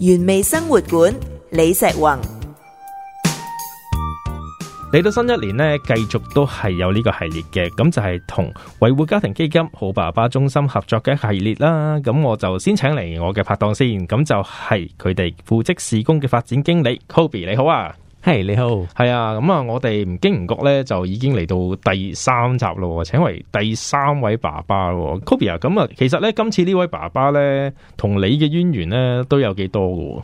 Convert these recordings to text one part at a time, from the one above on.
原味生活館李石宏，嚟到新一年呢，繼續都係有呢個系列嘅，咁就係同維護家庭基金好爸爸中心合作嘅系列啦。咁我就先請嚟我嘅拍檔先，咁就係佢哋副職事工嘅發展經理 Kobe，你好啊！係、hey, 你好，係啊，咁、嗯、啊，我哋唔經唔覺咧，就已經嚟到第三集咯，請為第三位爸爸，Kobe 啊，咁啊，其實咧今次呢位爸爸咧，同你嘅淵源咧都有幾多噶？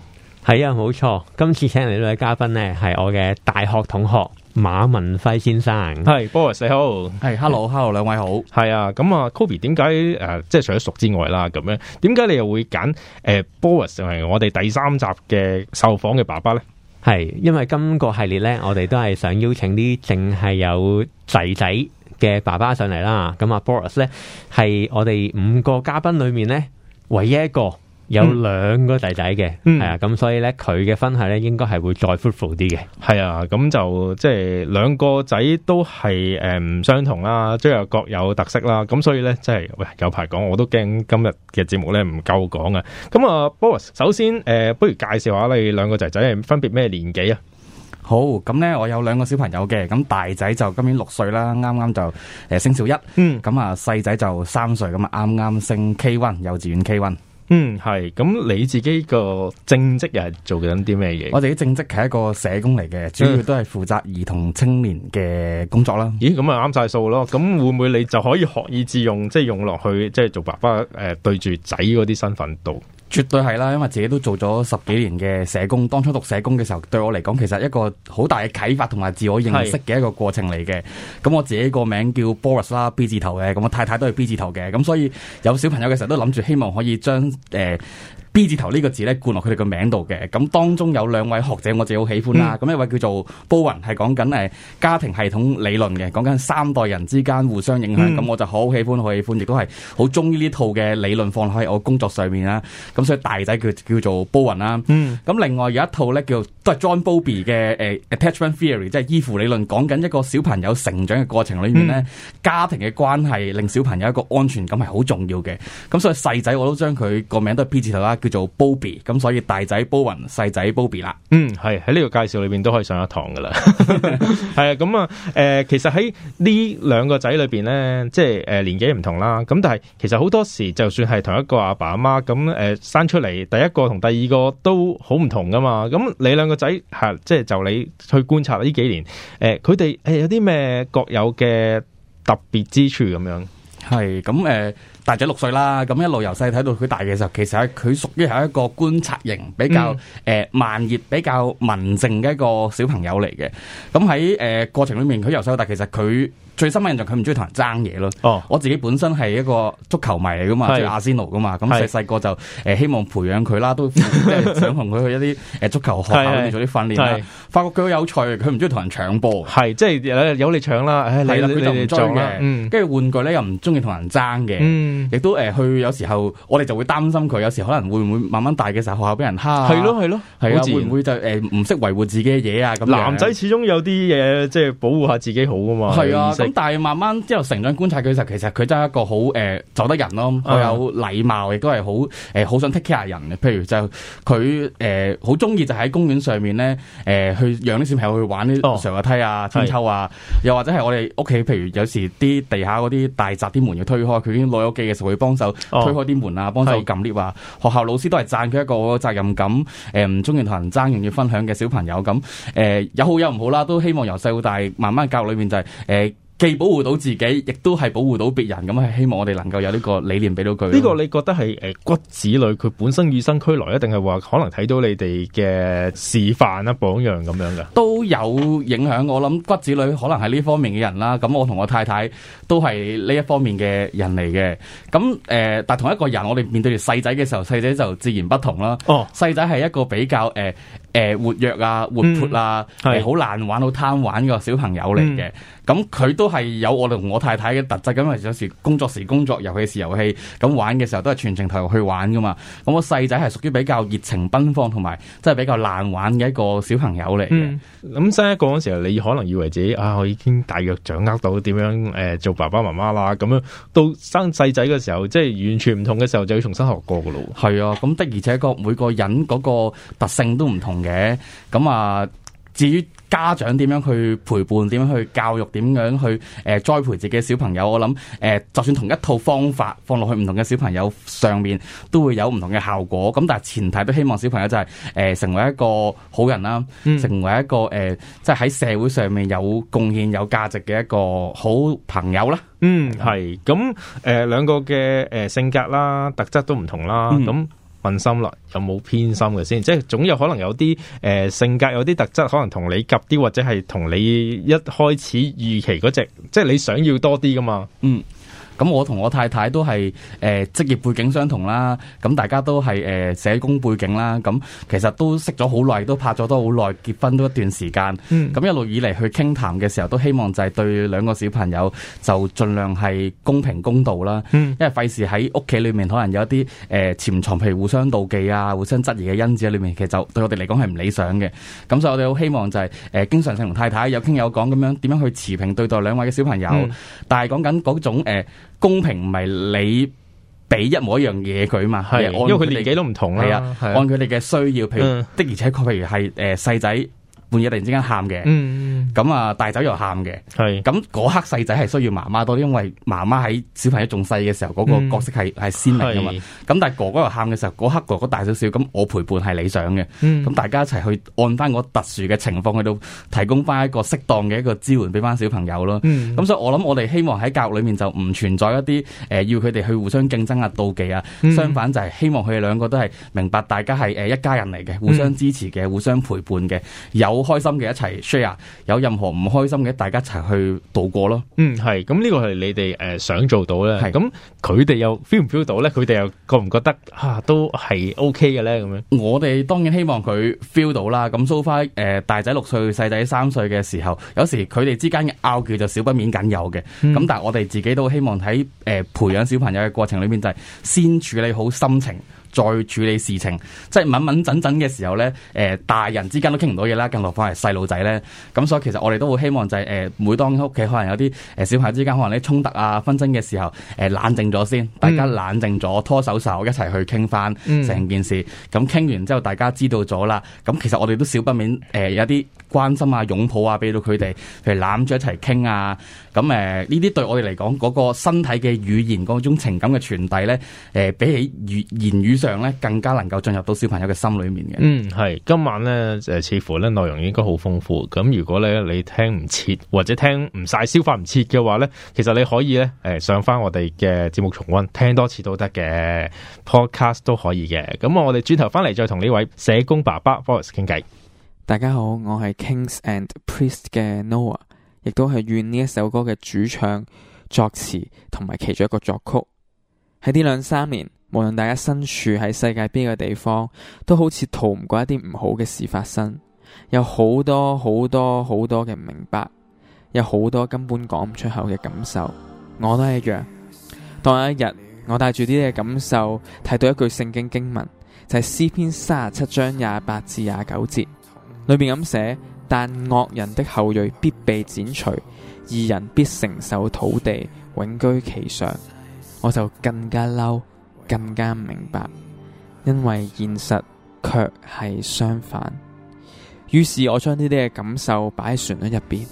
係啊，冇錯，今次請嚟呢位嘉賓咧，係我嘅大學同學馬文輝先生，係，Boris 你好，係、hey,，Hello，Hello，兩位好，係啊，咁、嗯、啊，Kobe 點解誒，即係除咗熟之外啦，咁樣，點解你又會揀誒、呃、，Boris 就係我哋第三集嘅受訪嘅爸爸咧？係，因為今個系列咧，我哋都係想邀請啲淨係有仔仔嘅爸爸上嚟啦。咁啊，Boris 咧，係我哋五個嘉賓裏面咧唯一一個。有兩個仔仔嘅，係啊、嗯，咁所以咧，佢嘅分析咧，應該係會再 full 啲嘅。係啊，咁就即係兩個仔都係誒唔相同啦，即係各有特色啦。咁所以咧，即係喂，有排講，我都驚今日嘅節目咧唔夠講啊。咁啊，Boris，首先誒、呃，不如介紹下你兩個仔仔係分別咩年紀啊？好，咁咧，我有兩個小朋友嘅，咁大仔就今年六歲啦，啱啱就誒、呃、升小一。嗯，咁啊細仔就三歲，咁啊啱啱升 K one 幼稚園 K one。嗯，係，咁你自己個正職又係做緊啲咩嘢？我自己正職係一個社工嚟嘅，主要都係負責兒童青年嘅工作啦。嗯、咦，咁啊啱晒數咯。咁會唔會你就可以學以致用，即係用落去，即係做爸爸誒、呃，對住仔嗰啲身份度？絕對係啦，因為自己都做咗十幾年嘅社工。當初讀社工嘅時候，對我嚟講，其實一個好大嘅啟發同埋自我認識嘅一個過程嚟嘅。咁是我自己個名叫 Boris 啦，B 字頭嘅。咁我太太都係 B 字頭嘅。咁所以有小朋友嘅時候，都諗住希望可以將誒。呃 B 字頭呢個字咧灌落佢哋個名度嘅，咁當中有兩位學者我自己好喜歡啦，咁、嗯、一位叫做 Bowen，係講緊誒家庭系統理論嘅，講緊三代人之間互相影響，咁、嗯、我就好喜歡，好喜歡，亦都係好中意呢套嘅理論放喺我工作上面啦。咁所以大仔叫叫做 Bowen 啦，咁、嗯、另外有一套咧叫都係 John Bowlby 嘅誒 Attachment Theory，即係依附理論，講緊一個小朋友成長嘅過程裏面咧，嗯、家庭嘅關係令小朋友一個安全感係好重要嘅。咁所以細仔我都將佢個名都係 B 字頭啦。叫做 Bobby，咁所以大仔 Bowen，細仔 Bobby 啦。嗯，係喺呢個介紹裏邊都可以上一堂噶啦。係 啊， 咁、嗯、啊，誒、呃，其實喺呢兩個仔裏邊咧，即係誒、呃、年紀唔同啦。咁但係其實好多時就算係同一個阿爸阿媽咁，誒、嗯呃、生出嚟第一個同第二個都好唔同噶嘛。咁、嗯、你兩個仔係、嗯、即係就你去觀察呢幾年，呃、誒，佢哋誒有啲咩各有嘅特別之處咁樣。係咁誒。嗯呃大仔六歲啦，咁一路由細睇到佢大嘅時候，其實佢屬於係一個觀察型，比較誒慢熱，比較文靜嘅一個小朋友嚟嘅。咁喺誒過程裏面，佢由細到大，其實佢最深刻印象，佢唔中意同人爭嘢咯。我自己本身係一個足球迷嚟噶嘛，即阿仙奴噶嘛，咁細細個就誒希望培養佢啦，都想同佢去一啲誒足球學校做啲訓練啦。發覺佢好有趣，佢唔中意同人搶波，係即係有你搶啦，係啦佢就唔中嘅。跟住玩具咧又唔中意同人爭嘅，亦、嗯、都誒，去、呃，有時候我哋就會擔心佢，有時可能會唔會慢慢大嘅時候學校俾人蝦？係咯係咯，係啊，會唔會就誒唔識維護自己嘅嘢啊？咁男仔始終有啲嘢即係保護下自己好噶嘛？係啊的，咁懂但係慢慢之後成長觀察佢時候其實佢真係一個好誒、呃、走得人咯、啊，佢、嗯嗯、有禮貌，亦都係好誒好想 take care 人譬如就佢誒好中意就喺公園上面咧誒、呃、去讓啲小朋友去玩啲上下梯啊、鞦韆啊、嗯，又或者係我哋屋企譬如有時啲地下嗰啲大閘啲門要推開佢已經攞咗嘅時候會幫手推開啲門啊，oh. 幫手撳 lift 啊， 學校老師都係讚佢一個責任感，誒唔中意同人爭，願意分享嘅小朋友咁，誒、嗯嗯、有好有唔好啦，都希望由細到大慢慢教育裏面就係、是、誒。嗯既保護到自己，亦都係保護到別人，咁係希望我哋能夠有呢個理念俾到佢。呢個你覺得係誒骨子裡佢本身與生俱來，一定係話可能睇到你哋嘅示範啊、榜樣咁樣嘅都有影響。我諗骨子裡可能係呢方面嘅人啦。咁我同我太太都係呢一方面嘅人嚟嘅。咁誒、呃，但同一個人，我哋面對住細仔嘅時候，細仔就自然不同啦。哦，細仔係一個比較誒。呃誒、欸，活躍啊，活潑啦、啊，係好、嗯欸、難玩，好貪玩個小朋友嚟嘅。咁佢、嗯、都係有我同我太太嘅特質，咁啊有時工作時工作，遊戲時遊戲，咁玩嘅時候都係全程投入去玩噶嘛。咁我細仔係屬於比較熱情奔放，同埋即係比較難玩嘅一個小朋友嚟嘅。咁、嗯、生一個嗰時候，你可能以為自己啊，我已經大約掌握到點樣誒、呃、做爸爸媽媽啦。咁樣到生細仔嘅時候，即係完全唔同嘅時候，就要重新學過噶咯。係啊，咁的而且確每個人嗰個特性都唔同。嘅咁啊，至於家長點樣去陪伴，點樣去教育，點樣去誒、呃、栽培自己嘅小朋友，我諗誒、呃，就算同一套方法放落去唔同嘅小朋友上面，都會有唔同嘅效果。咁但係前提都希望小朋友就係、是、誒、呃、成為一個好人啦，嗯、成為一個誒即係喺社會上面有貢獻、有價值嘅一個好朋友啦。嗯，係咁誒，兩、呃、個嘅誒性格啦、特質都唔同啦，咁、嗯。問心啦，有冇偏心嘅先？即係總有可能有啲，誒、呃、性格有啲特質，可能同你夾啲，或者係同你一開始預期嗰隻，即係你想要多啲㗎嘛。嗯。咁我同我太太都係誒、呃、職業背景相同啦，咁大家都係誒社工背景啦，咁其實都識咗好耐，都拍咗都好耐，結婚都一段時間。咁、嗯嗯、一路以嚟去傾談嘅時候，都希望就係對兩個小朋友就盡量係公平公道啦。嗯、因為費事喺屋企裏面可能有一啲誒、呃、潛藏譬如互相妒忌啊、互相質疑嘅因子裏面，其實就對我哋嚟講係唔理想嘅。咁所以我哋好希望就係、是、誒、呃、經常性同太太有傾有講咁樣，點樣去持平對待兩位嘅小朋友。但係講緊嗰種、呃公平唔係你俾一模一樣嘢佢啊嘛，係是因為佢年紀都唔同啦，啊啊、按佢哋嘅需要，譬如、嗯、的而且確，譬如係誒、呃、細仔。半夜突然之間喊嘅，咁啊大仔又喊嘅，咁嗰刻細仔係需要媽媽多，啲，因為媽媽喺小朋友仲細嘅時候嗰、嗯、個角色係係鮮明㗎嘛。咁是、嗯、但係哥哥又喊嘅時候，嗰、那個、刻哥哥大少少，咁我陪伴係理想嘅。咁、嗯嗯嗯、大家一齊去按翻個特殊嘅情況去到提供翻一個適當嘅一個支援俾翻小朋友咯。咁、嗯嗯、所以我諗我哋希望喺教育裏面就唔存在一啲誒、呃、要佢哋去互相競爭啊、妒忌啊。相反就係希望佢哋兩個都係明白大家係誒一家人嚟嘅，互相支持嘅，互相陪伴嘅，有開心嘅一齊 share，有任何唔開心嘅，大家一齊去度過咯。嗯，係，咁呢個係你哋誒想做到咧。係是，咁佢哋又 feel 唔 feel 到咧？佢哋又覺唔覺得吓、啊、都係 OK 嘅咧？咁樣，我哋當然希望佢 feel 到啦。咁 so far，誒、呃、大仔六歲，細仔三歲嘅時候，有時佢哋之間嘅拗撬就少不免梗有嘅。咁、嗯、但係我哋自己都希望喺誒、呃、培養小朋友嘅過程裏邊，就係先處理好心情，再處理事情，即係穩穩陣陣嘅時候呢，誒、呃、大人之間都傾唔到嘢啦，更何況係細路仔呢。咁所以其實我哋都好希望就係、是、誒、呃，每當屋企可能有啲誒小朋友之間可能啲衝突啊、紛爭嘅時候，誒、呃、冷靜咗先，大家冷靜咗，拖手手一齊去傾翻成件事。咁傾、嗯、完之後，大家知道咗啦。咁其實我哋都少不免誒、呃、有啲，關心啊，擁抱啊，俾到佢哋，譬如攬住一齊傾啊，咁誒，呢、呃、啲對我哋嚟講，嗰、那個身體嘅語言，嗰種情感嘅傳遞咧，誒、呃，比起語言語上咧，更加能夠進入到小朋友嘅心裏面嘅。嗯，係，今晚咧，誒、呃，似乎咧內容應該好豐富。咁如果咧你，你聽唔切或者聽唔晒，消化唔切嘅話咧，其實你可以咧，誒、呃，上翻我哋嘅節目重溫，聽多次都得嘅，Podcast 都可以嘅。咁我哋轉頭翻嚟再同呢位社工爸爸 Forest 傾偈。大家好，我係 Kings and Priest 嘅 Noah，亦都係願呢一首歌嘅主唱、作詞同埋其中一個作曲。喺呢兩三年，無論大家身處喺世界邊個地方，都好似逃唔過一啲唔好嘅事發生。有好多好多好多嘅唔明白，有好多根本講唔出口嘅感受，我都係一樣。當有一日我帶住呢啲嘅感受睇到一句聖經經文，就係、是、詩篇三十七章廿八至廿九節。裏面咁寫，但惡人的後裔必被剪除，義人必承受土地，永居其上。我就更加嬲，更加唔明白，因為現實卻係相反。於是我將呢啲嘅感受擺喺旋律入邊，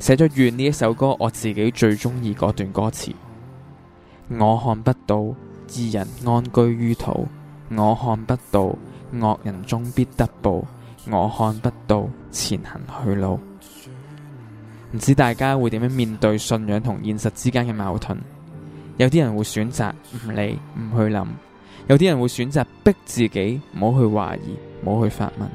寫咗《怨》呢一首歌，我自己最中意嗰段歌詞。我看不到義人安居於土，我看不到惡人終必得報，我看不到前行去路，唔知大家會點樣面對信仰同現實之間嘅矛盾。有啲人會選擇唔理唔去諗，有啲人會選擇逼自己唔好去懷疑，唔好去發問。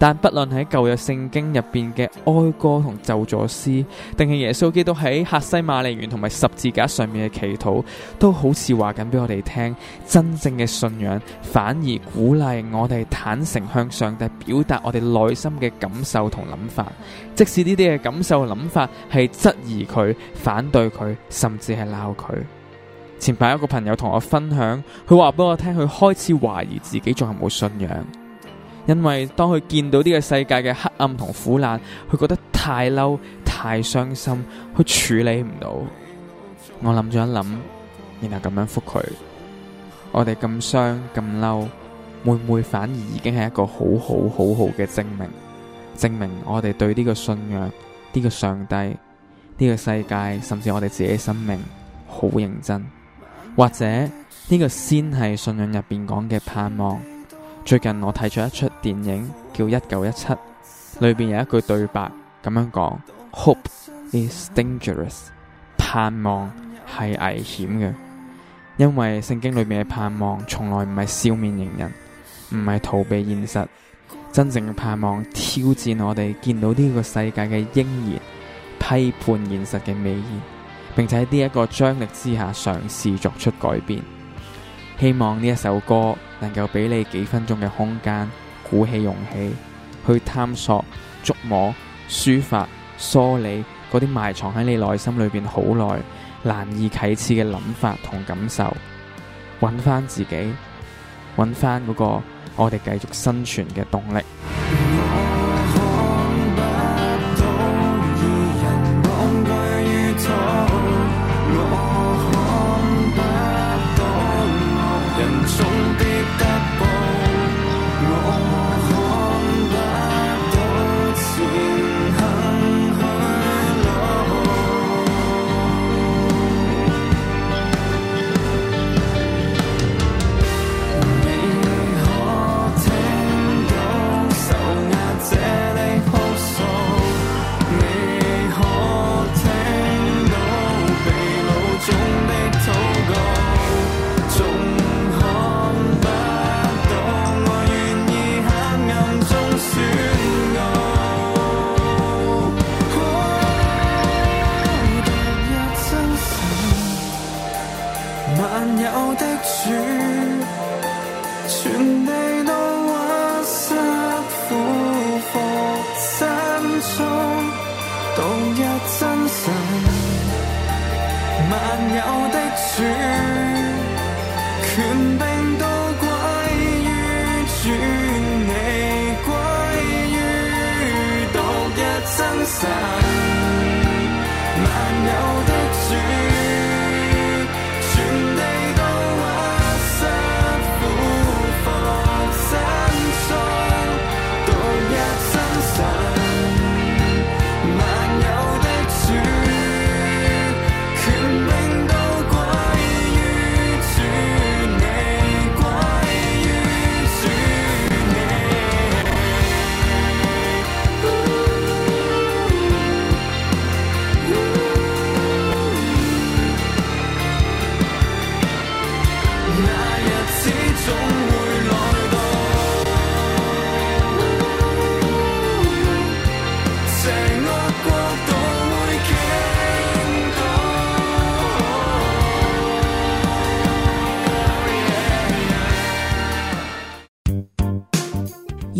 但不論喺舊約聖經入邊嘅哀歌同咒詛詩，定係耶穌基督喺客西馬尼園同埋十字架上面嘅祈禱，都好似話緊俾我哋聽，真正嘅信仰反而鼓勵我哋坦誠向上帝表達我哋內心嘅感受同諗法，即使呢啲嘅感受諗法係質疑佢，反對佢，甚至係鬧佢。前排有個朋友同我分享，佢話俾我聽，佢開始懷疑自己仲有冇信仰。因為當佢見到呢個世界嘅黑暗同苦難，佢覺得太嬲、太傷心，佢處理唔到。我諗咗一諗，然後咁樣覆佢：我哋咁傷、咁嬲，會唔會反而已經係一個好好、好好嘅證明？證明我哋對呢個信仰、呢個上帝、呢個世界，甚至我哋自己生命好認真，或者呢個先係信仰入邊講嘅盼望。最近我睇咗一出電影叫《一九一七》，裏邊有一句對白咁樣講：Hope is dangerous，盼望係危險嘅，因為聖經裏面嘅盼望從來唔係笑面迎人，唔係逃避現實，真正嘅盼望挑戰我哋見到呢個世界嘅應然，批判現實嘅美意，並且喺呢一個張力之下嘗試作出改變。希望呢一首歌能夠俾你幾分鐘嘅空間，鼓起勇氣去探索、觸摸、抒發、梳理嗰啲埋藏喺你內心裏邊好耐難以啟齒嘅諗法同感受，揾翻自己，揾翻嗰個我哋繼續生存嘅動力。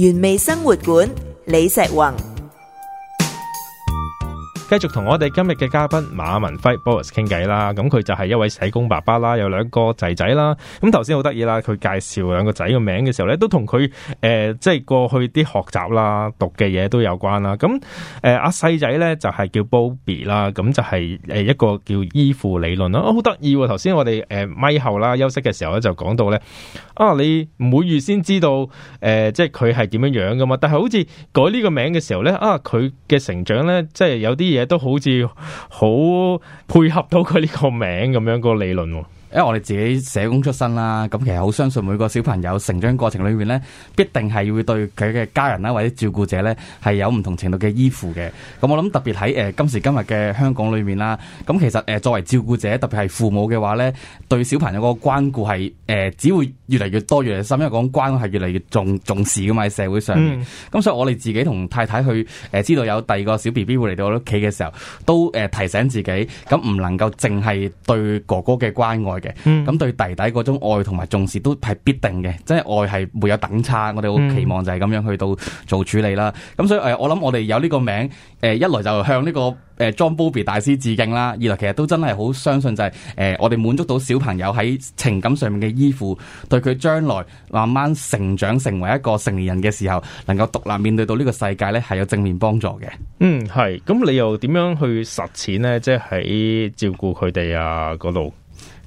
原味生活館，李石宏。繼續同我哋今日嘅嘉賓馬文輝 Boris 傾偈啦，咁佢就係一位社工爸爸啦，有兩個仔仔啦。咁頭先好得意啦，佢介紹兩個仔個名嘅時候咧，都同佢誒，即、呃、係、就是、過去啲學習啦、讀嘅嘢都有關啦。咁誒，阿、呃、細、啊、仔咧就係、是、叫 Bobby 啦，咁就係、是、誒、呃、一個叫依附理論啦，好得意。頭先、啊、我哋誒咪後啦，休息嘅時候咧就講到咧，啊你唔會預先知道誒、啊，即係佢係點樣樣噶嘛，但係好似改呢個名嘅時候咧，啊佢嘅成長咧，即係有啲。都好似好配合到佢呢個名咁樣嘅理論。因為我哋自己社工出身啦，咁其實好相信每個小朋友成長過程裏邊咧，必定係會對佢嘅家人啦或者照顧者咧，係有唔同程度嘅依附嘅。咁我諗特別喺誒今時今日嘅香港裏面啦，咁其實誒、呃、作為照顧者，特別係父母嘅話咧，對小朋友個關顧係誒只會越嚟越多，越嚟越深，因為講關愛係越嚟越重，重視噶嘛，喺社會上。咁、嗯、所以我哋自己同太太去誒、呃、知道有第二個小 B B 會嚟到我屋企嘅時候，都誒、呃、提醒自己，咁唔能夠淨係對哥哥嘅關愛。嘅，咁、嗯、對弟弟嗰種愛同埋重視都係必定嘅，即係愛係沒有等差。我哋好期望就係咁樣去到做處理啦。咁所以誒、呃，我諗我哋有呢個名，誒、呃、一來就向呢、這個誒、呃、John Bowlby 大師致敬啦，二來其實都真係好相信就係、是、誒、呃、我哋滿足到小朋友喺情感上面嘅依附，對佢將來慢慢成長成為一個成年人嘅時候，能夠獨立面對到呢個世界咧，係有正面幫助嘅。嗯，係。咁你又點樣去實踐呢？即係喺照顧佢哋啊嗰度。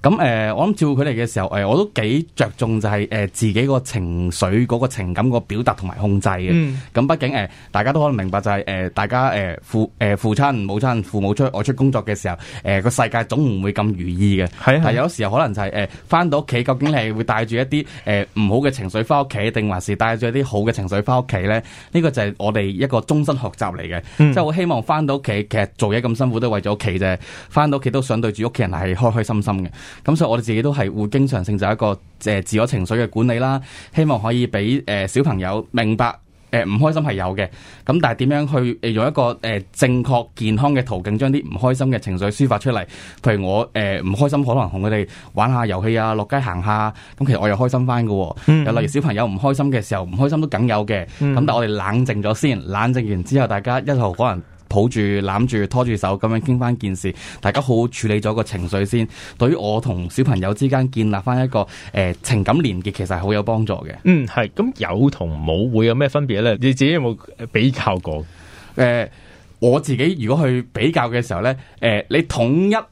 咁誒、呃，我諗照顧佢哋嘅時候，誒、呃，我都幾着重就係、是、誒、呃、自己個情緒嗰、那個情感個表達同埋控制嘅。咁畢、嗯、竟誒、呃，大家都可能明白就係、是、誒、呃，大家誒、呃、父誒、呃、父親、母親、父母出外出工作嘅時候，誒、呃、個世界總唔會咁如意嘅。係係是，但係有時候可能就係誒翻到屋企，究竟係會帶住一啲誒唔好嘅情緒翻屋企，定還是帶住一啲好嘅情緒翻屋企咧？呢、這個就係我哋一個終身學習嚟嘅，嗯、即係我希望翻到屋企，其實做嘢咁辛苦都係為咗屋企啫。翻到屋企都想對住屋企人係開開心心嘅。咁、嗯、所以我哋自己都係會經常性就一個誒、呃、自我情緒嘅管理啦，希望可以俾誒、呃、小朋友明白誒唔、呃、開心係有嘅，咁但係點樣去用一個誒、呃、正確健康嘅途徑，將啲唔開心嘅情緒抒發出嚟？譬如我誒唔、呃、開心，可能同佢哋玩下遊戲啊，落街行下，咁、嗯嗯、其實我又開心翻噶、啊。又例如小朋友唔開心嘅時候，唔開心都梗有嘅，咁、嗯嗯、但係我哋冷靜咗先，冷靜完之後大家一號可能……抱住攬住拖住手咁樣傾翻件事，大家好好處理咗個情緒先。對於我同小朋友之間建立翻一個誒、呃、情感連結，其實係好有幫助嘅。嗯，係。咁有同冇會有咩分別咧？你自己有冇比較過？誒、呃，我自己如果去比較嘅時候咧，誒、呃，你統一。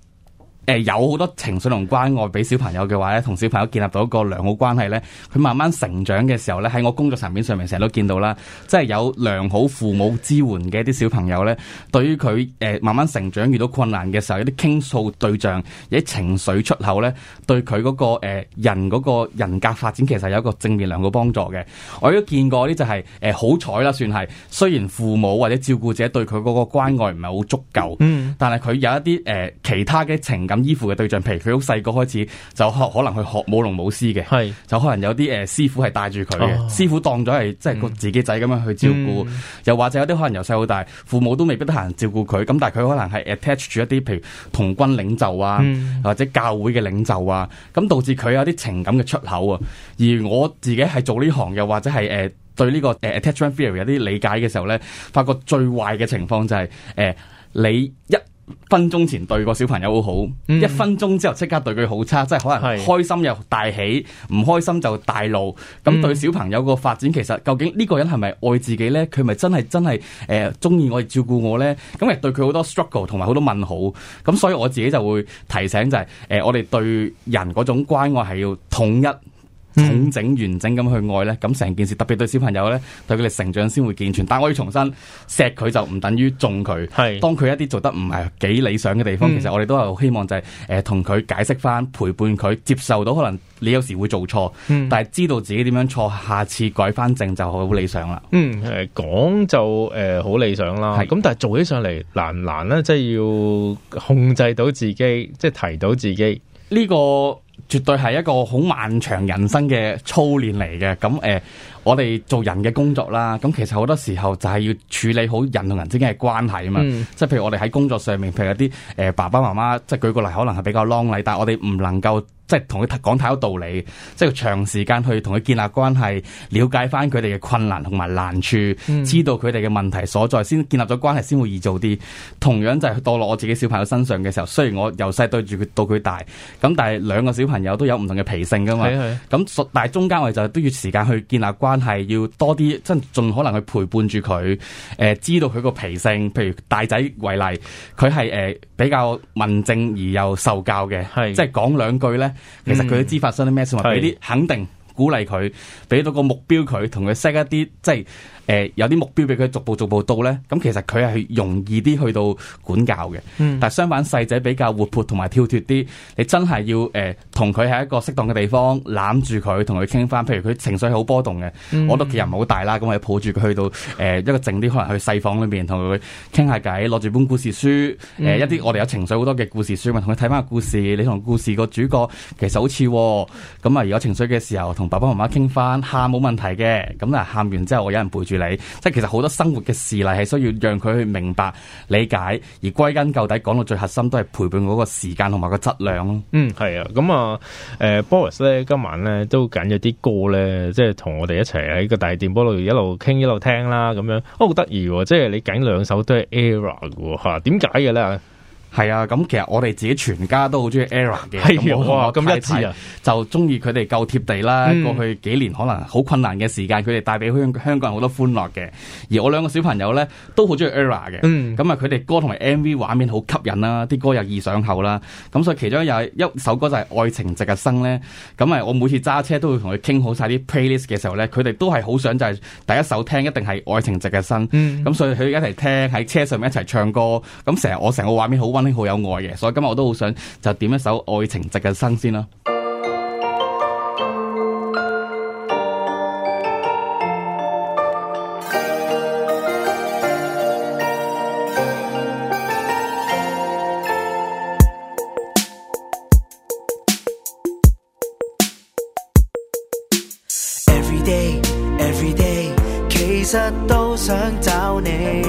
誒、呃、有好多情緒同關愛俾小朋友嘅話咧，同小朋友建立到一個良好關係咧，佢慢慢成長嘅時候咧，喺我工作層面上面成日都見到啦，即係有良好父母支援嘅一啲小朋友咧，對於佢誒慢慢成長遇到困難嘅時候，一啲傾訴對象，一啲情緒出口咧，對佢、嗰個誒、呃、人個人格發展其實有一個正面良好幫助嘅。我都見過啲就係誒好彩啦，呃、算係雖然父母或者照顧者對佢個關愛唔係好足夠，嗯，但係佢有一啲誒、呃、其他嘅情感。依附嘅對象，譬 如佢好細個開始就學，可能去學舞龍舞獅嘅，係是就可能有啲誒師傅係帶住佢嘅，師傅,、oh. 師傅當咗係即係個自己仔咁樣去照顧，mm. 又或者有啲可能由細到大，父母都未必得閒照顧佢，咁但係佢可能係 attach 住一啲，譬如童軍領袖啊，mm. 或者教會嘅領袖啊，咁導致佢有啲情感嘅出口啊。而我自己係做呢行，又或者係誒、呃、對呢個誒 attachment theory 有啲理解嘅時候咧，發覺最壞嘅情況就係、是、誒、呃、你一。分鐘前對個小朋友好好，嗯、一分鐘之後即刻對佢好差，即係可能開心又大喜，唔是開心就大怒。咁對小朋友個發展，其實究竟呢個人係咪愛自己呢？佢咪真係真係誒中意我哋照顧我呢？咁嚟對佢好多 struggle 同埋好多問號。咁所以我自己就會提醒就係、是、誒、呃，我哋對人嗰種關愛係要統一。重、嗯、整完整咁去愛咧，咁成件事特別對小朋友咧，對佢哋成長先會健全。但我要重新錫佢就唔等於縱佢，係是當佢一啲做得唔係幾理想嘅地方，嗯、其實我哋都係希望就係誒同佢解釋翻，陪伴佢接受到可能你有時會做錯，嗯、但係知道自己點樣錯，下次改翻正就好理，、嗯呃呃、理想啦。嗯是，誒講就誒好理想啦，咁但係做起上嚟難唔難咧？即、就、係、是、要控制到自己，即、就、係、是、提到自己呢、這個。絕對係一個好漫長人生嘅操練嚟嘅。咁誒、呃，我哋做人嘅工作啦，咁其實好多時候就係要處理好人同人之間嘅關係啊嘛，嗯、即係譬如我哋喺工作上面，譬如有啲誒爸爸媽媽，即係舉個例，可能係比較 lonely，但係我哋唔能夠。即係同佢講太多道理，即係長時間去同佢建立關係，了解翻佢哋嘅困難同埋難處，嗯、知道佢哋嘅問題所在，先建立咗關係，先會易做啲。同樣就係到落我自己小朋友身上嘅時候，雖然我由細對住佢到佢大，咁但係兩個小朋友都有唔同嘅脾性噶嘛。咁是但係中間我哋就都要時間去建立關係，要多啲即係盡可能去陪伴住佢，誒、呃、知道佢個脾性。譬如大仔為例，佢係誒比較文靜而又受教嘅，是即係講兩句咧。其實佢都知發生啲咩事，話俾啲肯定、鼓勵佢，俾到個目標佢，同佢 set 一啲即係。誒、呃，有啲目標俾佢逐步逐步到咧，咁其實佢係容易啲去到管教嘅。嗯、但係相反細仔比較活潑同埋跳脱啲，你真係要誒同佢喺一個適當嘅地方攬住佢，同佢傾翻。譬如佢情緒好波動嘅，我哋其實唔好大啦，咁、嗯、我抱住佢去到誒、呃、一個靜啲可能去細房裏面同佢傾下偈，攞住本故事書，誒、呃、一啲我哋有情緒好多嘅故事書，同佢睇翻個故事。嗯、你同故事個主角其實好似咁啊！如、呃、果、呃呃、情緒嘅時候，同爸爸和媽媽傾翻，喊冇問題嘅。咁啊，喊完之後我有、呃、人背住。你即係其實好多生活嘅事例係需要讓佢去明白理解，而歸根究底講到最核心，都係陪伴嗰個時間同埋個質量咯。嗯，係啊，咁啊，誒、呃，Boris 咧，今晚咧都揀咗啲歌咧，即係同我哋一齊喺個大電波度一路傾一路聽啦，咁樣，好得意，即係你揀兩首都係 Error 嘅吓，點解嘅咧？係啊，咁、嗯、其實我哋自己全家都好中意 e r a 嘅，咁的我同我太太、啊、就中意佢哋夠貼地啦。嗯、過去幾年可能好困難嘅時間，佢哋帶俾香香港人好多歡樂嘅。而我兩個小朋友咧都好中意 e r a 嘅，咁啊佢哋歌同埋 MV 畫面好吸引啦，啲歌又易上口啦。咁所以其中有一首歌就係、是《愛情值嘅生》咧。咁啊我每次揸車都會同佢傾好曬啲 playlist 嘅時候咧，佢哋都係好想就係第一首聽一定係《愛情值嘅生》嗯。咁所以佢哋一齊聽喺車上面一齊唱歌，咁成日我成個畫面好。好有愛嘅，所以今日我都好想就點一首《愛情值嘅生先》啦。Every day, every day，其實都想找你。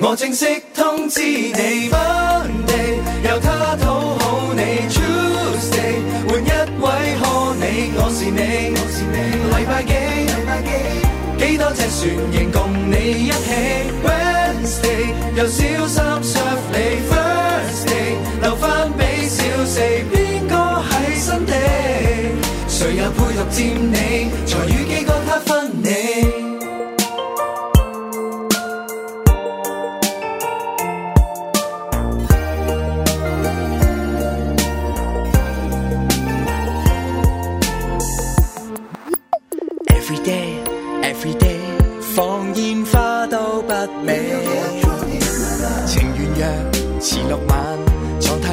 我正式通知你，Monday 由他討好你，Tuesday 換一位呵你，我是你，我是你，禮拜幾，禮拜幾，幾多隻船仍共你一起 ay,，Wednesday 又小三想你 Thursday 留翻俾小四，邊個喺身邊，誰也配合佔你，才與幾個？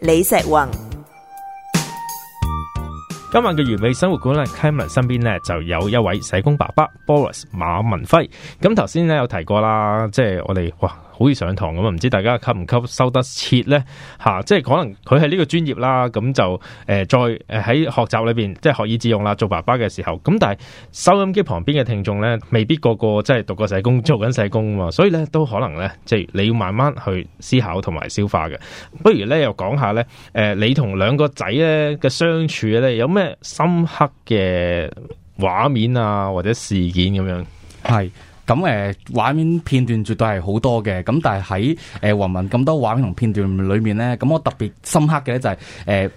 李石雲，今晚嘅完美生活館咧，Kevin 身邊咧就有一位社工爸爸，Boris 馬文輝。咁頭先咧有提過啦，即係我哋哇。好易上堂咁啊，唔知大家吸唔吸收得切咧吓、啊，即係可能佢係呢個專業啦，咁就誒、呃、再誒喺學習裏邊，即係學以致用啦，做爸爸嘅時候，咁但係收音機旁邊嘅聽眾咧，未必個個即係讀過社工，做緊社工啊嘛，所以咧都可能咧，即係你要慢慢去思考同埋消化嘅。不如咧又講下咧，誒、呃、你同兩個仔咧嘅相處咧有咩深刻嘅畫面啊，或者事件咁樣係。咁誒，畫面片段絕對係好多嘅，咁但係喺誒芸芸咁多畫面同片段裏面咧，咁我特別深刻嘅咧就係誒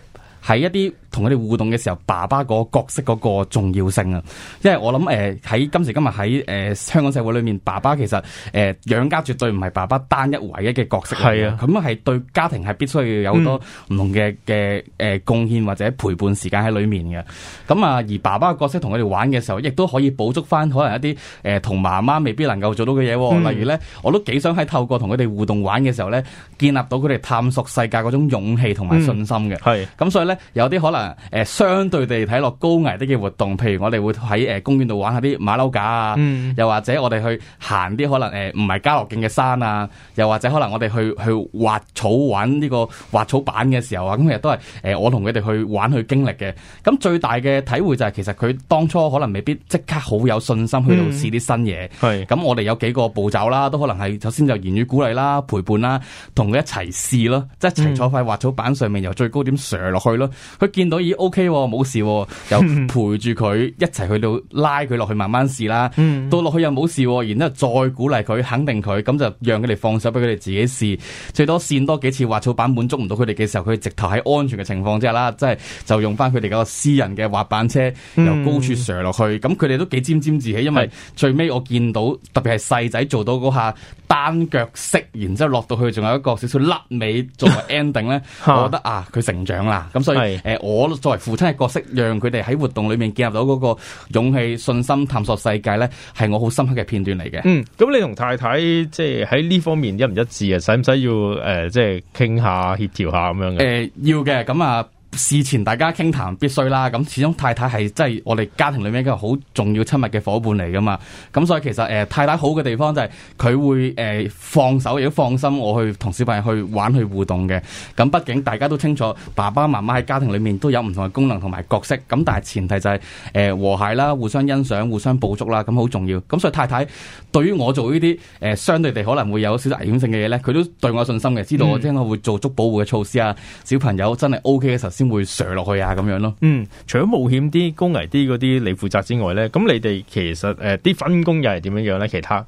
喺一啲。同佢哋互動嘅時候，爸爸個角色嗰個重要性啊，因為我諗誒喺今時今日喺誒、呃、香港社會裏面，爸爸其實誒養、呃、家絕對唔係爸爸單一唯一嘅角色，係啊，咁啊係對家庭係必須要有好多唔同嘅嘅誒貢獻或者陪伴時間喺裏面嘅，咁啊而爸爸嘅角色同佢哋玩嘅時候，亦都可以補足翻可能一啲誒同媽媽未必能夠做到嘅嘢，嗯、例如咧，我都幾想喺透過同佢哋互動玩嘅時候咧，建立到佢哋探索世界嗰種勇氣同埋信心嘅，係、嗯，咁、嗯、所以咧有啲可能。誒，相對地睇落高危啲嘅活動，譬如我哋會喺誒公園度玩下啲馬騮架啊，嗯、又或者我哋去行啲可能誒唔係家樂徑嘅山啊，又或者可能我哋去去滑草玩呢個滑草板嘅時候啊，咁其實都係誒我同佢哋去玩去經歷嘅。咁最大嘅體會就係、是、其實佢當初可能未必即刻好有信心去試啲新嘢，咁、嗯、我哋有幾個步驟啦，都可能係首先就言語鼓勵啦、陪伴啦，同佢一齊試咯，即係一齊坐塊滑草板上面由最高點斜落去咯，佢見。所以 OK，冇事，又陪住佢一齊去到拉佢落去慢慢試啦。到落去又冇事，然之後再鼓勵佢，肯定佢，咁就讓佢哋放手俾佢哋自己試。最多扇多幾次滑草板滿足唔到佢哋嘅時候，佢直頭喺安全嘅情況之下啦，即係就用翻佢哋個私人嘅滑板車由高處射落去。咁佢哋都幾沾沾自喜，因為最尾我見到特別係細仔做到嗰下單腳式，然之後落到去仲有一個少少甩尾作為 ending 咧。我覺得啊，佢成長啦。咁所以誒是、呃、我。我作為父親嘅角色，讓佢哋喺活動裏面建立到嗰個勇氣、信心、探索世界咧，係我好深刻嘅片段嚟嘅。嗯，咁你同太太即係喺呢方面一唔一致啊？使唔使要誒、呃，即係傾下協調下咁樣嘅？誒、呃，要嘅。咁啊。嗯嗯事前大家傾談，談必須啦，咁始終太太係真係我哋家庭裡面一個好重要親密嘅伙伴嚟噶嘛，咁所以其實誒、呃、太太好嘅地方就係、是、佢會誒、呃、放手亦都放心我去同小朋友去玩去互動嘅，咁畢竟大家都清楚爸爸媽媽喺家庭裡面都有唔同嘅功能同埋角色，咁但係前提就係、是、誒、呃、和諧啦，互相欣賞、互相補足啦，咁好重要，咁所以太太對於我做呢啲誒相對地可能會有少少危險性嘅嘢咧，佢都對我有信心嘅，知道我應該會做足保護嘅措施啊，小朋友真係 O K 嘅時先會上落去啊，咁樣咯。嗯，除咗冒險啲、高危啲嗰啲你負責之外咧，咁你哋其實誒啲、呃、分工又係點樣樣咧？其他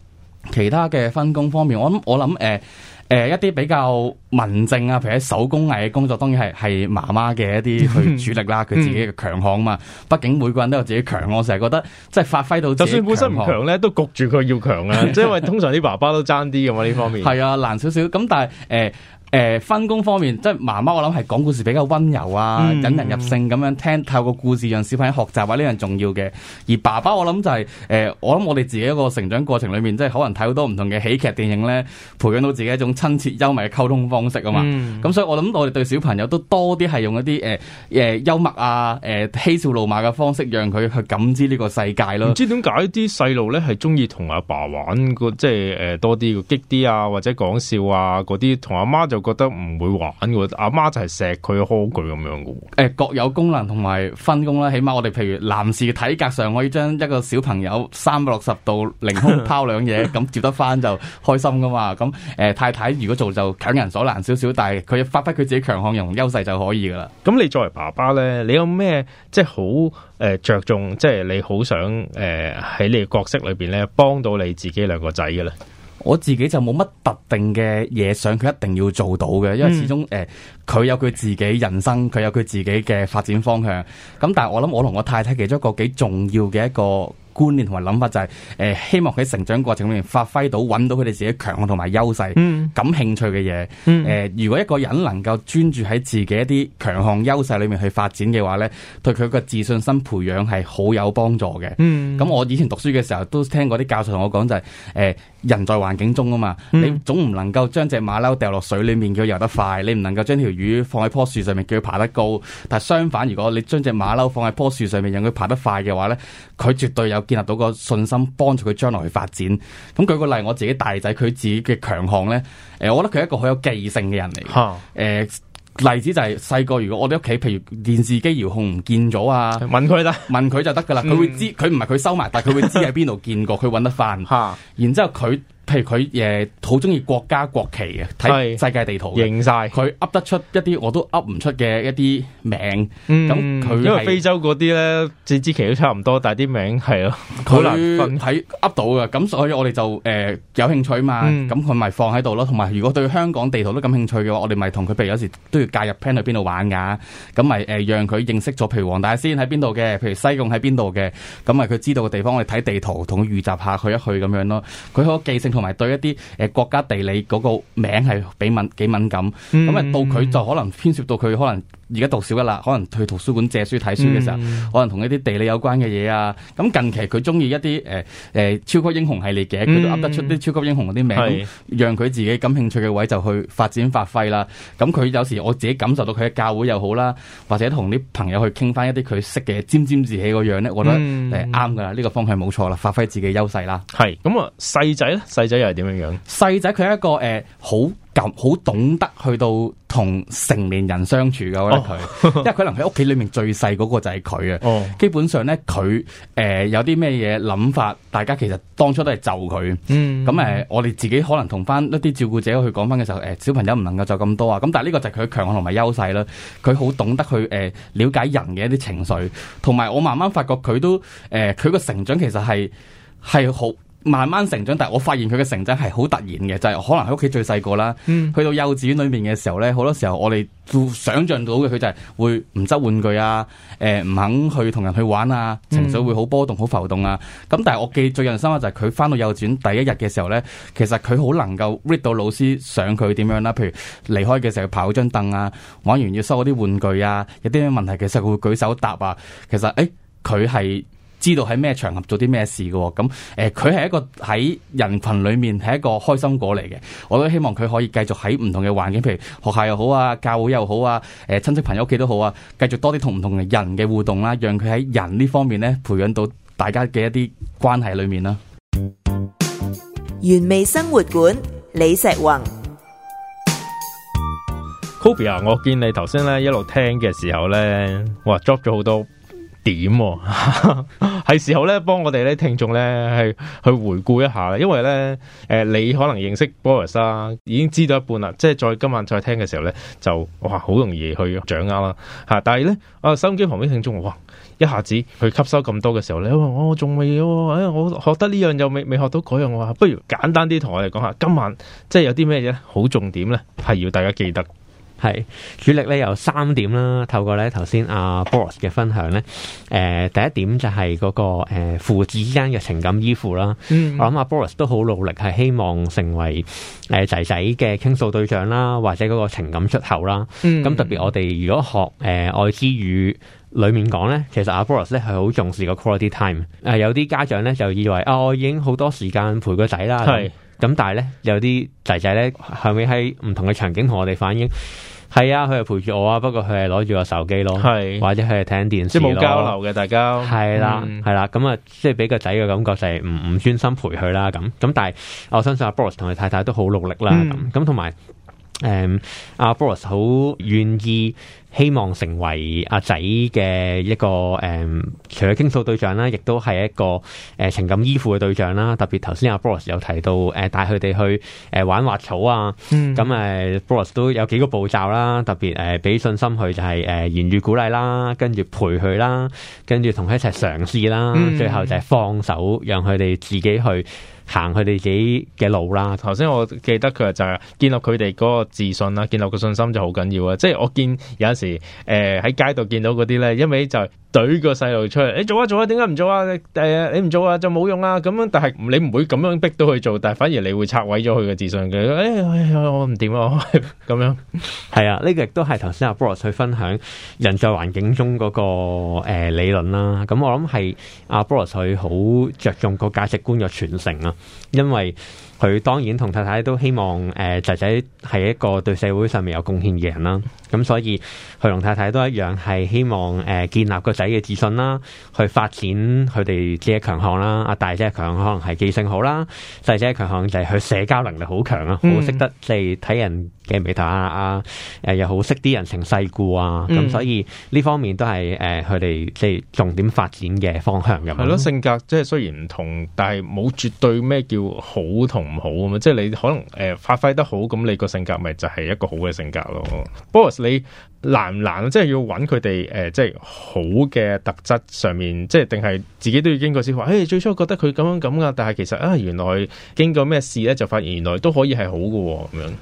其他嘅分工方面，我諗我諗誒誒一啲比較文靜啊，譬如喺手工藝嘅工作，當然係係媽媽嘅一啲去主力啦，佢 自己嘅強項啊嘛。畢竟每個人都有自己強，我成日覺得即係發揮到就算本身唔強咧，都焗住佢要強啊。即係 因為通常啲爸爸都爭啲嘅嘛，呢方面係啊難少少。咁但係誒。呃呃誒、呃、分工方面，即係媽媽我諗係講故事比較溫柔啊，引、嗯嗯、人入勝，咁樣聽透過故事讓小朋友學習話，呢樣重要嘅。而爸爸我，就是呃，我諗就係，誒，我諗我哋自己一個成長過程裏面，即係可能睇好多唔同嘅喜劇電影咧，培養到自己一種親切幽默嘅溝通方式啊嘛。咁、嗯、所以我諗我哋對小朋友都多啲係用一啲誒誒幽默啊誒嬉、呃、笑怒罵嘅方式，讓佢去感知呢個世界咯。唔知點解啲細路咧係中意同阿爸玩個，即係誒、呃、多啲激啲啊，或者講笑啊嗰啲，同阿媽就。覺得唔會玩嘅，阿媽就係錫佢呵佢咁樣嘅。誒，各有功能同埋分工啦。起碼我哋譬如男士嘅體格上可以將一個小朋友三百六十度凌空拋兩嘢，咁 接得翻就開心噶嘛。咁誒、呃，太太如果做就強人所難少少，但係佢發揮佢自己強項同優勢就可以噶啦。咁你作為爸爸咧，你有咩即係好誒着重，即係你好想誒喺你嘅角色裏邊咧幫到你自己兩個仔嘅咧？我自己就冇乜特定嘅嘢想佢一定要做到嘅，因為始終誒，佢有佢自己人生，佢有佢自己嘅發展方向。咁，但係我諗我同我太太其中一個幾重要嘅一個。觀念同埋諗法就係、是、誒、呃，希望喺成長過程裏面發揮到揾到佢哋自己強項同埋優勢，嗯、感興趣嘅嘢。誒、嗯呃，如果一個人能夠專注喺自己一啲強項優勢裏面去發展嘅話呢，對佢個自信心培養係好有幫助嘅。咁、嗯、我以前讀書嘅時候都聽過啲教授同我講就係、是，誒、呃，人在環境中啊嘛，嗯、你總唔能夠將隻馬騮掉落水裏面叫佢游得快，你唔能夠將條魚放喺棵樹上面叫佢爬得高。但係相反，如果你將隻馬騮放喺棵樹上面讓佢爬得快嘅話呢，佢絕對有。建立到個信心，幫助佢將來去發展。咁舉個例，我自己大仔，佢自己嘅強項咧，誒、呃，我覺得佢係一個好有記性嘅人嚟。誒哈、呃，例子就係細個，如果我哋屋企，譬如電視機遙控唔見咗啊，問佢啦，問佢就得噶啦，佢會知，佢唔係佢收埋，但係佢會知喺邊度見過，佢搵 得翻。吓，然之後佢。譬如佢誒好中意國家國旗嘅睇世界地圖，認晒，佢噏得出一啲我都噏唔出嘅一啲名，咁佢、嗯嗯、因為非洲嗰啲咧至治期都差唔多，但係啲名係咯，好、啊、佢難喺噏到嘅。咁所以我哋就誒、呃、有興趣嘛，咁佢咪放喺度咯。同埋如果對香港地圖都感興趣嘅話，我哋咪同佢譬如有時都要介入 plan 去邊度玩㗎。咁咪誒讓佢認識咗，譬如黃大仙喺邊度嘅，譬如西貢喺邊度嘅，咁咪佢知道嘅地方，我哋睇地圖同佢預習下佢一去咁樣咯。佢可記性，同埋對一啲誒國家地理嗰個名係幾敏幾敏感，咁啊、嗯、到佢就可能牽涉到佢可能。而家讀小一啦，可能去圖書館借書睇書嘅時候，嗯、可能同一啲地理有關嘅嘢啊。咁近期佢鍾意一啲誒誒超級英雄系列嘅，佢、嗯、都噏得出啲超級英雄嗰啲名，嗯、讓佢自己感興趣嘅位就去發展發揮啦。咁佢有時我自己感受到佢嘅教會又好啦，或者同啲朋友去傾翻一啲佢識嘅沾沾自喜個樣咧，我覺得誒啱㗎啦，呢、嗯呃呢個方向冇錯啦，發揮自己優勢啦。係咁啊，細仔咧，細仔又係點樣樣？細仔佢係一個誒、呃、好。咁好懂得去到同成年人相處嘅，我覺得佢，因為佢可能喺屋企裏面最細嗰個就係佢啊。哦、基本上咧，佢、呃、誒有啲咩嘢諗法，大家其實當初都係就佢。咁誒、嗯呃，我哋自己可能同翻一啲照顧者去講翻嘅時候，誒、呃，小朋友唔能夠就咁多啊。咁但係呢個就係佢強項同埋優勢啦。佢好懂得去誒、呃、了解人嘅一啲情緒，同埋我慢慢發覺佢都誒，佢、呃、個成長其實係係好。慢慢成長，但係我發現佢嘅成長係好突然嘅，就係、是、可能喺屋企最細個啦，嗯、去到幼稚園裏面嘅時候咧，好多時候我哋想像到嘅佢就係會唔執玩具啊，誒、呃、唔肯去同人去玩啊，情緒會好波動、好浮動啊。咁但係我記最印象深刻就係佢翻到幼稚園第一日嘅時候咧，其實佢好能夠 read 到老師想佢點樣啦、啊，譬如離開嘅時候要爬嗰張凳啊，玩完要收嗰啲玩具啊，有啲咩問題其實佢會舉手答啊。其實誒，佢、欸、係。知道喺咩場合做啲咩事嘅，哦、咁、嗯、誒、佢、呃、係一個喺人群裏面係一個開心果嚟嘅，我都希望佢可以繼續喺唔同嘅環境，譬如學校又好啊，教會又好啊，誒、呃，親戚朋友屋企都好啊，繼續多啲同唔同嘅人嘅互動啦，啊，讓佢喺人呢方面咧培養到大家嘅一啲關係裏面啦，啊。原味生活館李石宏，Kobe 啊，我見你頭先咧一路聽嘅時候咧，哇 drop 咗好多。.點喎？係 時候咧，幫我哋咧聽眾咧，係去回顧一下。因為咧，誒、呃，你可能認識 Boris 啦、啊，已經知道一半啦。即係再今晚再聽嘅時候咧，就哇，好容易去掌握啦。吓，但係咧，啊，手機旁邊聽眾，哇，一下子去吸收咁多嘅時候咧、哦，我仲未有，誒、哎，我學得呢樣又未未學到嗰樣，我話不如簡單啲同我哋講下，今晚即係有啲咩嘢好重點咧，係要大家記得。係主力咧有三點啦，透過咧頭先阿、啊、Boris 嘅分享咧，誒、呃、第一點就係嗰、那個誒、呃、父子之間嘅情感依附啦。嗯、我諗阿、啊、Boris 都好努力，係希望成為誒仔仔嘅傾訴對象啦，或者嗰個情感出口啦。咁、嗯、特別我哋如果學誒、呃、愛之語裏面講咧，其實阿、啊、Boris 咧係好重視個 quality time、呃。誒有啲家長咧就以為啊，我已經好多時間陪個仔啦，係咁是，但係咧有啲仔仔咧後尾喺唔同嘅場景同我哋反映。係啊，佢係陪住我啊，不過佢係攞住個手機咯，是或者佢係睇緊電視咯，即係冇交流嘅大家。係啦的，係啦、嗯，咁啊，即係俾個仔嘅感覺就係唔唔專心陪佢啦，咁咁，但係我相信阿 Boris 同佢太太都好努力啦，咁咁同埋誒，阿 Boris 好願意。希望成為阿仔嘅一個誒、嗯，除咗傾訴對象啦，亦都係一個誒、呃、情感依附嘅對象啦。特別頭先阿、啊、Boris 有提到誒、呃，帶佢哋去誒、呃、玩滑草啊，咁誒 Boris 都有幾個步驟啦。特別誒俾、呃、信心佢就係誒言語鼓勵啦，跟住陪佢啦，跟住同佢一齊嘗試啦，嗯、最後就係放手，讓佢哋自己去。行佢哋自己嘅路啦。頭先我記得佢就係建立佢哋嗰個自信啦，建立個信心就好緊要啊。即係我見有時誒喺、呃、街度見到嗰啲咧，因為就。懟，個細路出嚟，你做啊做啊，點解唔做啊？誒、啊呃，你唔做啊就冇用啊咁樣。但係你唔會咁樣逼到佢做，但係反而你會拆毀咗佢嘅自信嘅。誒、哎哎，我唔掂啊，咁樣。係 啊，呢、這個亦都係頭先阿 Boris 去分享人在環境中嗰、那個誒、呃、理論啦、啊。咁我諗係阿 Boris 佢好着重個價值觀嘅傳承啊，因為。佢當然同太太都希望誒仔仔係一個對社會上面有貢獻嘅人啦，咁、啊、所以佢同太太都一樣係希望誒、呃、建立個仔嘅自信啦，去發展佢哋自己嘅強項啦。阿、啊、大姐強項可能係記性好啦，細姐強項就係佢社交能力好強、嗯就是、啊，好識得即係睇人嘅眉頭啊，誒又好識啲人情世故啊，咁、嗯啊、所以呢方面都係誒佢哋即係重點發展嘅方向咁。係咯了，性格即係雖然唔同，但係冇絕對咩叫好同。唔好啊嘛，即係你可能誒、呃、發揮得好，咁你個性格咪就係一個好嘅性格咯。不 s 你難唔難即係要揾佢哋誒，即係、呃、好嘅特質上面，即係定係自己都要經過先話。誒、欸，最初覺得佢咁樣咁噶，但係其實啊，原來經過咩事咧，就發現原來都可以係好噶咁樣。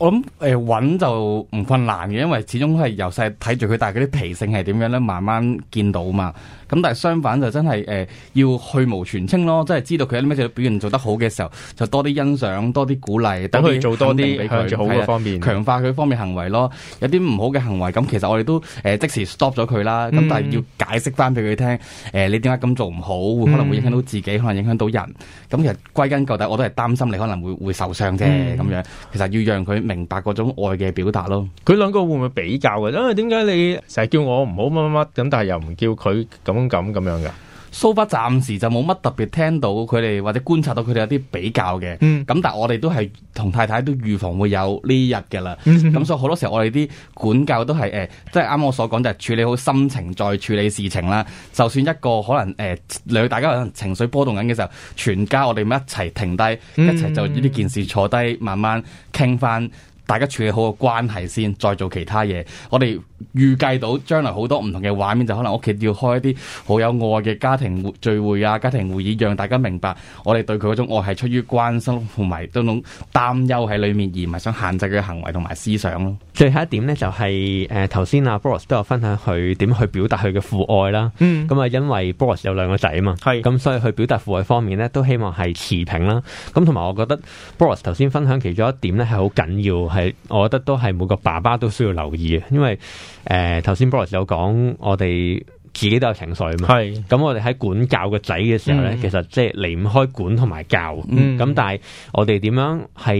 我諗誒，搵、呃、就唔困難嘅，因為始終係由細睇住佢，但係佢啲脾性係點樣咧，慢慢見到嘛。咁但係相反就真係誒、呃，要去無全清咯，即係知道佢喺啲咩嘢表現做得好嘅時候，就多啲欣賞，多啲鼓勵，等佢做多啲向住好嘅方面，強化佢方面行為咯。有啲唔好嘅行為，咁其實我哋都誒、呃、即時 stop 咗佢啦。咁、嗯、但係要解釋翻俾佢聽，誒、呃，你點解咁做唔好？會可能會影響到自己，嗯、可能影響到人。咁其實歸根究底，我都係擔心你可能會會受傷啫。咁樣、嗯，其實要讓佢明白嗰種愛嘅表達咯，佢兩個會唔會比較嘅？因、啊、為點解你成日叫我唔好乜乜乜咁，但係又唔叫佢咁咁咁樣嘅？蘇 far，暫時就冇乜特別聽到佢哋或者觀察到佢哋有啲比較嘅，咁、嗯、但係我哋都係同太太都預防會有呢日嘅啦。咁 所以好多時候我哋啲管教都係誒、呃，即係啱啱我所講就係處理好心情再處理事情啦。就算一個可能誒兩、呃、大家可能情緒波動緊嘅時候，全家我哋咪一齊停低，一齊就呢件事坐低慢慢傾翻。大家處理好個關係先，再做其他嘢。我哋預計到將來好多唔同嘅畫面，就可能屋企要開一啲好有愛嘅家庭聚會啊，家庭會議，讓大家明白我哋對佢嗰種愛係出於關心同埋嗰種擔憂喺裏面，而唔係想限制佢嘅行為同埋思想咯。最後一點咧、就係，就、呃、係誒頭先阿 Boris 都有分享佢點去表達佢嘅父愛啦。咁啊、嗯，因為 Boris 有兩個仔啊嘛，係咁是，所以佢表達父愛方面咧，都希望係持平啦。咁同埋我覺得 Boris 頭先分享其中一點咧，係好緊要。我覺得都係每個爸爸都需要留意嘅，因為誒，頭先 Boris 有講，我哋自己都有情緒啊嘛。係的，咁我哋喺管教個仔嘅時候咧，嗯、其實即係離唔開管同埋教。咁、嗯嗯、但係我哋點樣喺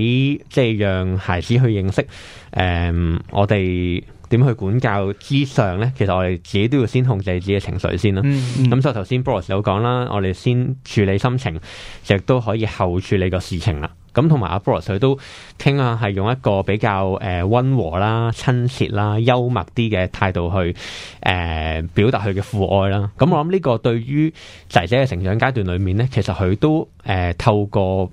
即係讓孩子去認識誒、呃，我哋點去管教之上咧，其實我哋自己都要先控制自己情緒先啦。咁、嗯嗯、所以頭先 Boris 有講啦，我哋先處理心情，亦都可以後處理個事情啦。咁同埋阿保羅佢都傾下，係用一個比較誒溫、呃、和啦、親切啦、幽默啲嘅態度去誒、呃、表達佢嘅父愛啦。咁、嗯、我諗呢個對於仔仔嘅成長階段裏面咧，其實佢都誒、呃、透過。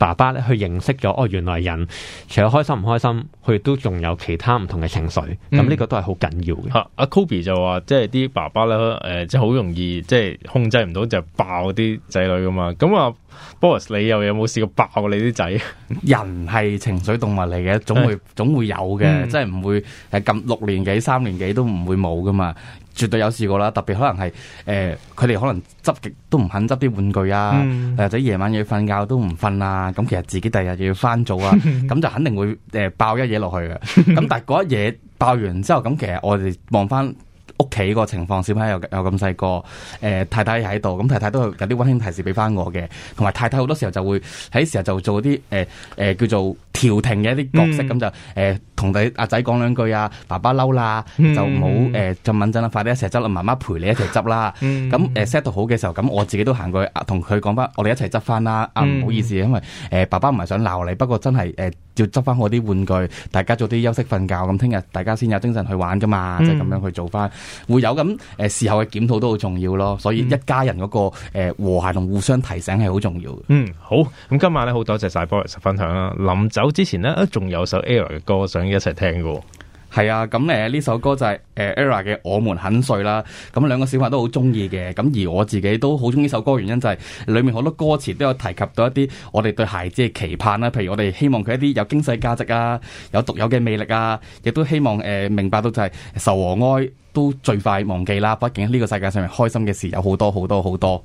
爸爸咧去認識咗哦，原來人除咗開心唔開心，佢都仲有其他唔同嘅情緒。咁呢、嗯、個都係好緊要嘅。阿、啊、Kobe 就話，即係啲爸爸咧，誒、呃，即係好容易，即係控制唔到就是、爆啲仔女噶嘛。咁啊，Boris，你又有冇試過爆你啲仔？人係情緒動物嚟嘅，總會是總會有嘅，嗯、即係唔會誒咁六年幾三年幾都唔會冇噶嘛。絕對有試過啦，特別可能係誒，佢、呃、哋可能執極都唔肯執啲玩具啊，嗯、或者夜晚要瞓覺都唔瞓啊，咁其實自己第日要翻早啊，咁就肯定會誒、呃、爆一嘢落去嘅。咁、 嗯、但係嗰一嘢爆完之後，咁其實我哋望翻屋企個情況，小朋友有咁細個，誒、呃、太太喺度，咁太太都有啲溫馨提示俾翻我嘅，同埋太太好多時候就會喺時候就會做啲誒誒叫做，調停嘅一啲角色咁、嗯、就誒，同、呃、你阿仔講兩句啊，爸爸嬲啦，嗯、就唔好誒咁認真啦，快啲一齊執啦，媽媽陪你一齊執啦。咁誒 set 好嘅時候，咁我自己都行過去，同佢講翻，我哋一齊執翻啦。啊，唔好意思，因為誒、呃、爸爸唔係想鬧你，不過真係誒。呃要執翻我啲玩具，大家早啲休息瞓覺，咁聽日大家先有精神去玩噶嘛，即係咁樣去做翻，會有咁誒事後嘅檢討都好重要咯。所以一家人嗰、那個、呃、和諧同互相提醒係好重要嘅。嗯，好，咁今晚咧好多謝晒 Boris 分享啦。臨走之前呢，仲有首 Air 嘅歌想一齊聽嘅喎。係啊，咁誒呢首歌就係誒 ERA 嘅《我們很碎》啦，咁兩個小朋友都好中意嘅，咁而我自己都好中意呢首歌，原因就係、是、裏面好多歌詞都有提及到一啲我哋對孩子嘅期盼啦，譬如我哋希望佢一啲有經濟價值啊，有獨有嘅魅力啊，亦都希望誒明白到就係愁和哀都最快忘記啦，畢竟呢個世界上面開心嘅事有好多好多好多。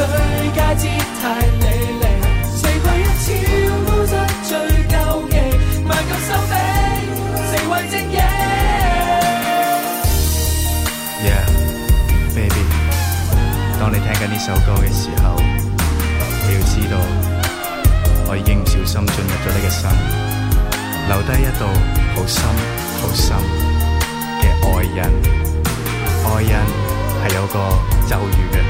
世界之太靡靡，四貴一超高最勾記，萬金收尾，四貴之夜。Yeah, baby。當你聽緊呢首歌嘅時候，你要知道，我已經唔小心進入咗你嘅心，留低一道好深、好深嘅愛印。愛印係有個咒語嘅。